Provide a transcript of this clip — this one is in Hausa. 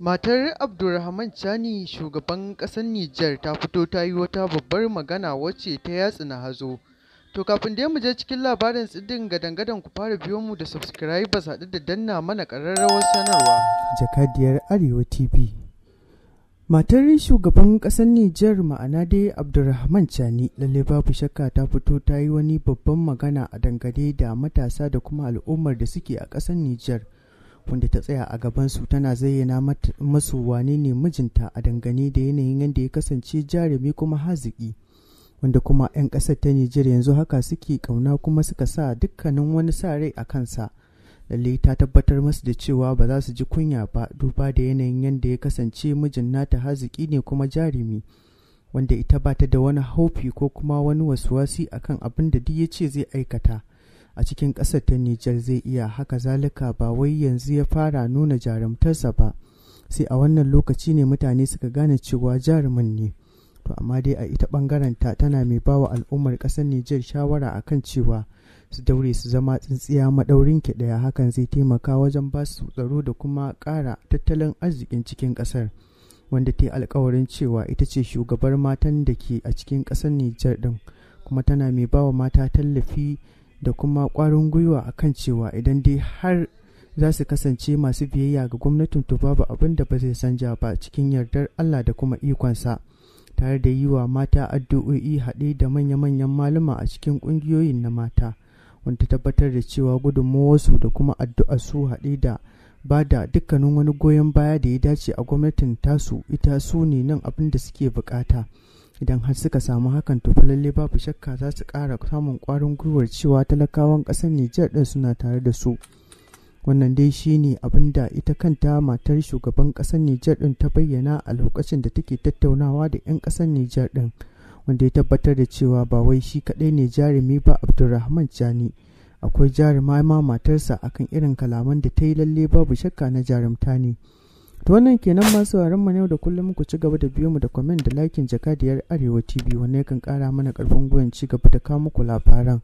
Matar abdulrahman Chani, shugaban ƙasar Nijar ta fito ta yi wata babbar magana wacce ta na hazo. To kafin dai mu je cikin labarin tsidin gadan-gadan ku fara biyo mu da subscribers haɗu da danna mana ƙararrawar sanarwa. Jakadiyar Arewa TV Matar shugaban ƙasar Nijar ma'ana dai Abdulrahman Chani lalle babu shakka ta fito ta yi wani babban magana a dangane da matasa da kuma al'ummar da suke a ƙasar Nijar. wanda ta tsaya a gabansu tana zayyana masu wane ne mijinta a dangane da yanayin yadda ya kasance jarumi kuma haziki wanda kuma 'yan ƙasar ta Nijar yanzu haka suke kauna kuma suka sa dukkanin wani sa rai a kansa lalle ta tabbatar masu da cewa ba za su ji kunya ba duba da yanayin yadda ya kasance mijin nata haziki ne kuma jarumi wanda ita ba ta da wani haufi ko kuma wani wasuwasi akan abin da duk ya ce zai aikata a cikin ƙasar ta Nijar zai iya haka zalika ba wai yanzu ya fara nuna jarumtarsa ba sai a wannan lokaci ne mutane suka gane cewa jarumin ne to amma dai a ita ɓangaren ta tana mai bawa al'ummar ƙasar Nijar shawara akan cewa su daure su zama tsintsiya maɗaurin ki ɗaya hakan zai taimaka wajen ba su tsaro da kuma ƙara tattalin arzikin cikin ƙasar wanda ta yi alkawarin cewa ita ce shugabar matan da ke a cikin ƙasar Nijar ɗin kuma tana mai bawa mata tallafi da kuma kwarin gwiwa akan cewa idan dai har za su kasance masu biyayya ga gwamnatin to babu abin da ba zai sanja ba cikin yardar Allah da kuma ikonsa tare da yi wa mata addu'o'i haɗe da manya-manyan malama a cikin ƙungiyoyin na mata wanda tabbatar da cewa gudunmawarsu da kuma addu'a su haɗe da ba da dukkanin wani goyon baya da ya dace a gwamnatin tasu ita su ne nan abin da suke bukata. idan har suka samu hakan to lalle babu shakka za su ƙara samun kwarin gwiwar cewa talakawan ƙasar nijar ɗin suna tare da su wannan dai shine abin da ita kanta matar shugaban ƙasar nijar ɗin ta bayyana a lokacin da take tattaunawa da 'yan ƙasar nijar ɗin wanda ya tabbatar da cewa ba wai shi kaɗai ne jarumi ba abdulrahman jani akwai jaruma ma matarsa akan irin kalaman da ta yi lalle babu shakka na jarumta ne To wannan kenan masu sauraron mu yau da kullum ku ci gaba da biyo mu da comment da likin jakadiyar Arewa TV wanda yakan kara mana karfin gwiwan ci gaba da kawo muku labaran.